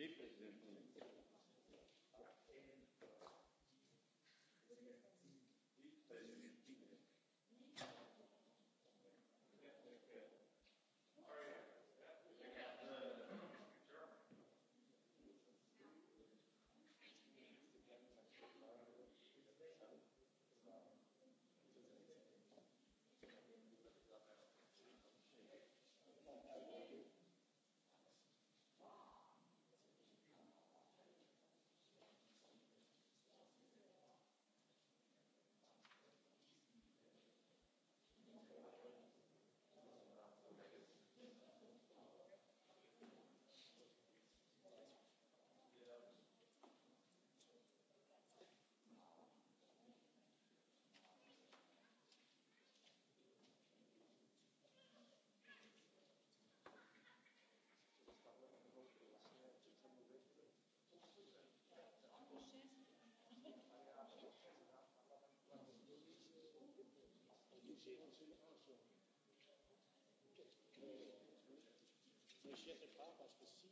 de președintele Mais je ne sais pas parce que s'il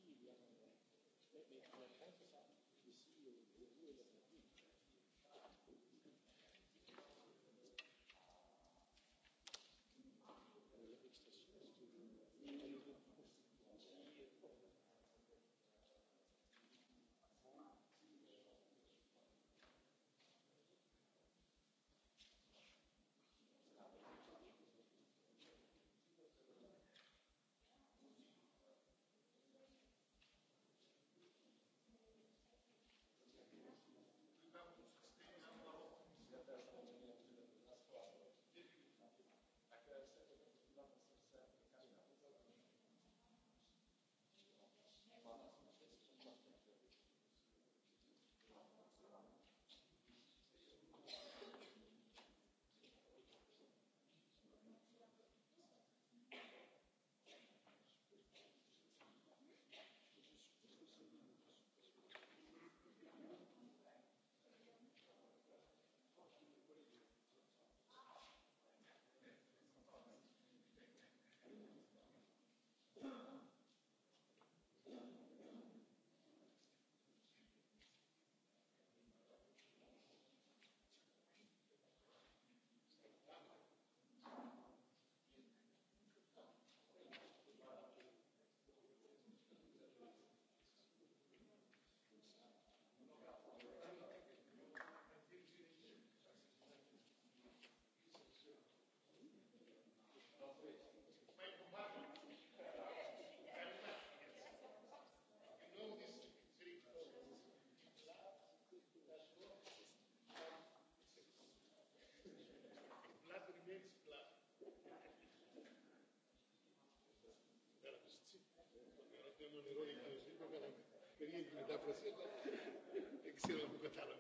experiențele de a fost. Excelă bucătară.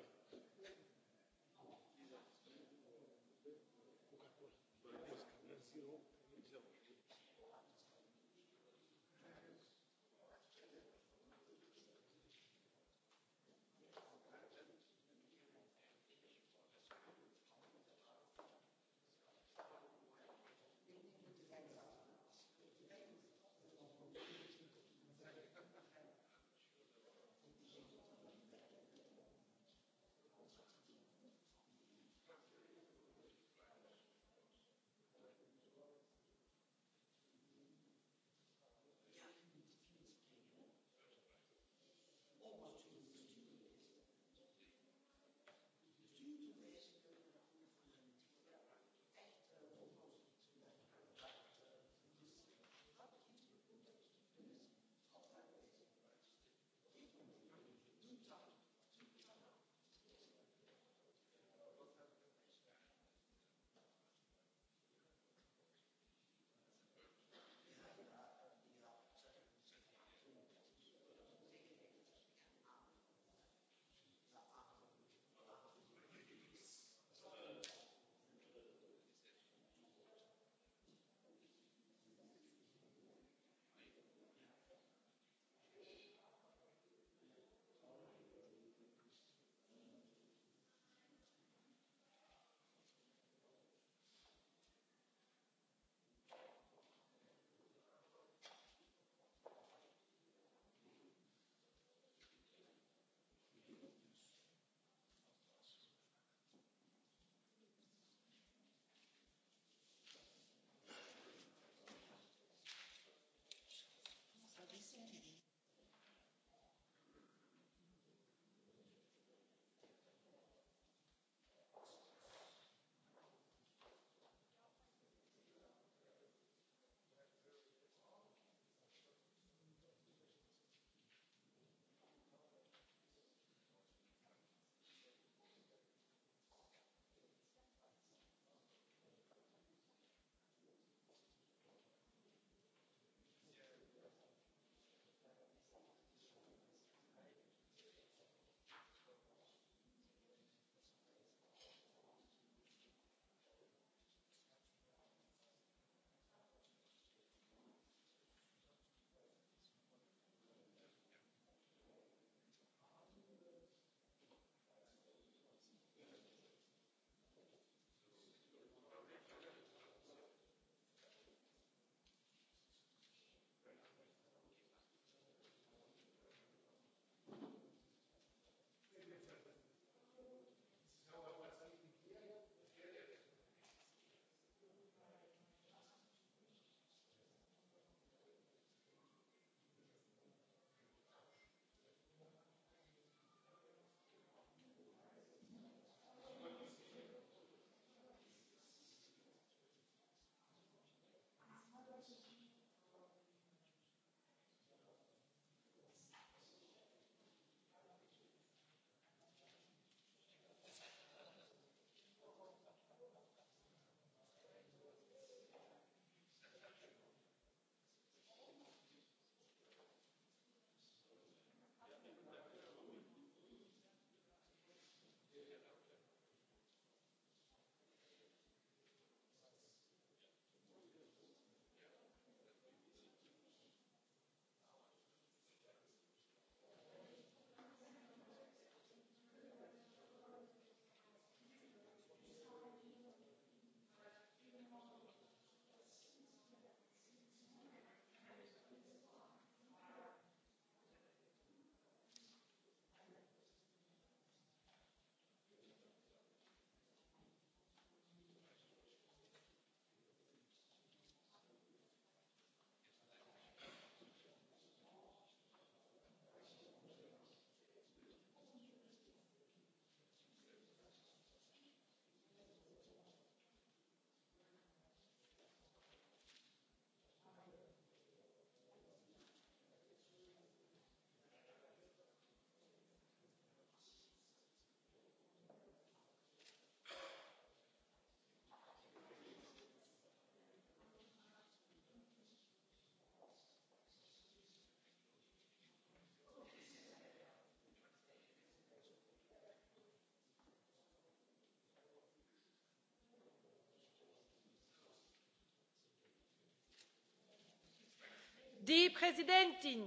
die präsidentin!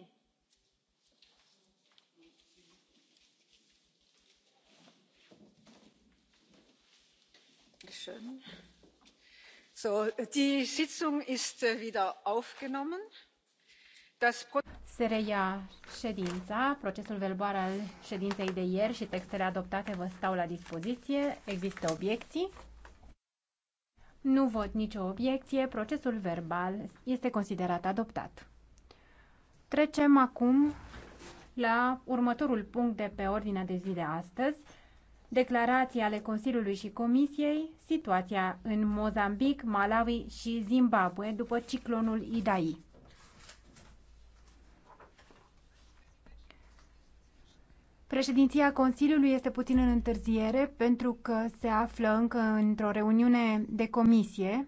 die sitzung ist äh, wieder aufgenommen. se reia ședința. Procesul verbal al ședinței de ieri și textele adoptate vă stau la dispoziție. Există obiecții? Nu văd nicio obiecție. Procesul verbal este considerat adoptat. Trecem acum la următorul punct de pe ordinea de zi de astăzi, declarații ale Consiliului și Comisiei, situația în Mozambic, Malawi și Zimbabwe după ciclonul Idai. Președinția Consiliului este puțin în întârziere pentru că se află încă într-o reuniune de comisie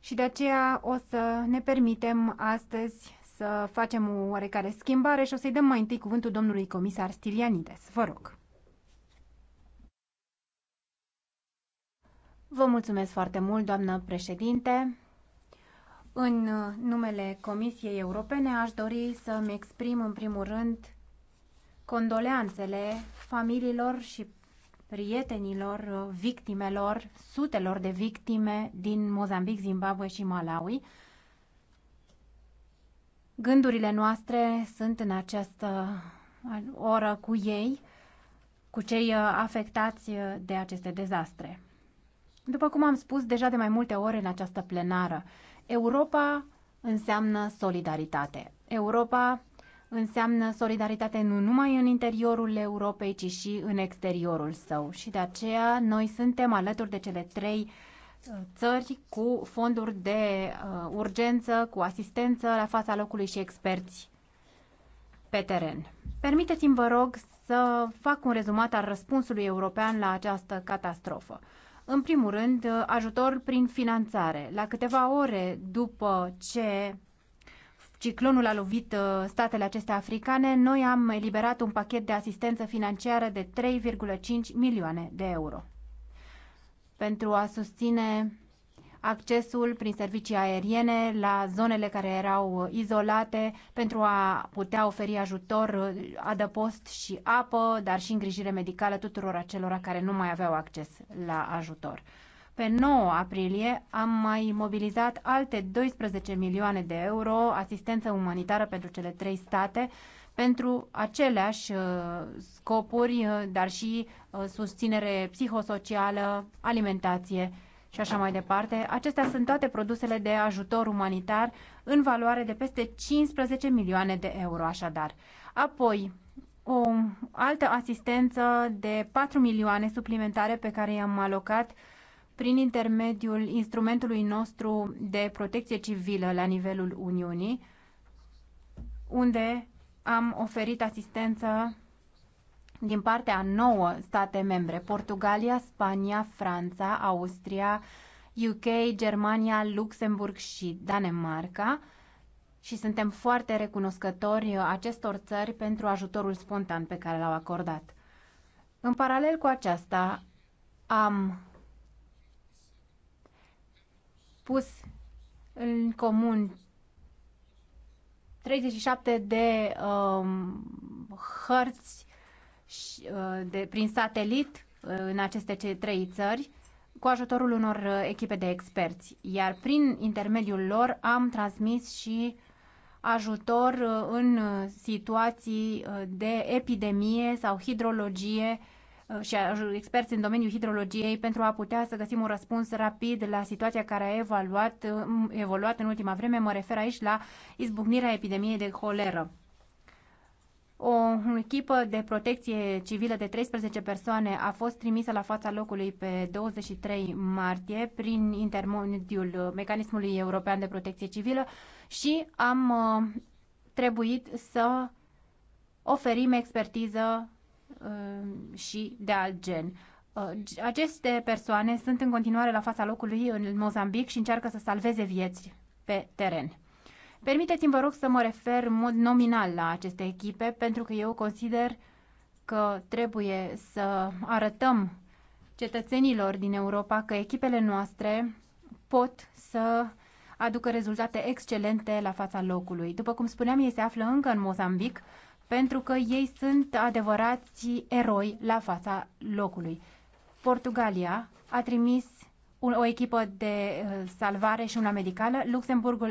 și de aceea o să ne permitem astăzi să facem o oarecare schimbare și o să-i dăm mai întâi cuvântul domnului comisar Stilianides. Vă rog. Vă mulțumesc foarte mult, doamnă președinte. În numele Comisiei Europene aș dori să-mi exprim în primul rând condoleanțele familiilor și prietenilor victimelor, sutelor de victime din Mozambic, Zimbabwe și Malawi, Gândurile noastre sunt în această oră cu ei, cu cei uh, afectați uh, de aceste dezastre. După cum am spus deja de mai multe ori în această plenară, Europa înseamnă solidaritate. Europa înseamnă solidaritate nu numai în interiorul Europei, ci și în exteriorul său. Și de aceea noi suntem alături de cele trei uh, țări cu fonduri de uh, urgență, cu asistență la fața locului și experți pe teren. Permiteți-mi, vă rog, să fac un rezumat al răspunsului european la această catastrofă. În primul rând, ajutor prin finanțare. La câteva ore după ce ciclonul a lovit uh, statele acestea africane, noi am eliberat un pachet de asistență financiară de 3,5 milioane de euro pentru a susține accesul prin servicii aeriene la zonele care erau izolate pentru a putea oferi ajutor, adăpost și apă, dar și îngrijire medicală tuturor acelora care nu mai aveau acces la ajutor. Pe 9 aprilie am mai mobilizat alte 12 milioane de euro asistență umanitară pentru cele trei state pentru aceleași uh, scopuri, uh, dar și uh, susținere psihosocială, alimentație și așa mai departe. Acestea sunt toate produsele de ajutor umanitar în valoare de peste 15 milioane de euro, așadar. Apoi, o altă asistență de 4 milioane suplimentare pe care i-am alocat prin intermediul instrumentului nostru de protecție civilă la nivelul Uniunii, unde am oferit asistență din partea nouă state membre, Portugalia, Spania, Franța, Austria, UK, Germania, Luxemburg și Danemarca și suntem foarte recunoscători acestor țări pentru ajutorul spontan pe care l-au acordat. În paralel cu aceasta, am pus în comun 37 de um, hărți și, uh, de, prin satelit uh, în aceste trei țări cu ajutorul unor uh, echipe de experți, iar prin intermediul lor am transmis și ajutor uh, în situații de epidemie sau hidrologie Uh, și experți în domeniul hidrologiei pentru a putea să găsim un răspuns rapid la situația care a evaluat, uh, evoluat în ultima vreme. Mă refer aici la izbucnirea epidemiei de holeră. O echipă de protecție civilă de 13 persoane a fost trimisă la fața locului pe 23 martie prin intermediul mecanismului european de protecție civilă și am uh, trebuit să oferim expertiză Uh, și de alt gen. Uh, aceste persoane sunt în continuare la fața locului în Mozambic și încearcă să salveze vieți pe teren. Permiteți-mi, vă rog, să mă refer în mod nominal la aceste echipe, pentru că eu consider că trebuie să arătăm cetățenilor din Europa că echipele noastre pot să aducă rezultate excelente la fața locului. După cum spuneam, ei se află încă în Mozambic, pentru că ei sunt adevărați eroi la fața locului. Portugalia a trimis o echipă de uh, salvare și una medicală, Luxemburgul